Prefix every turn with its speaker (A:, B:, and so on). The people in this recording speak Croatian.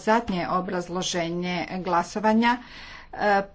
A: Zadnje obrazloženje glasovanja e,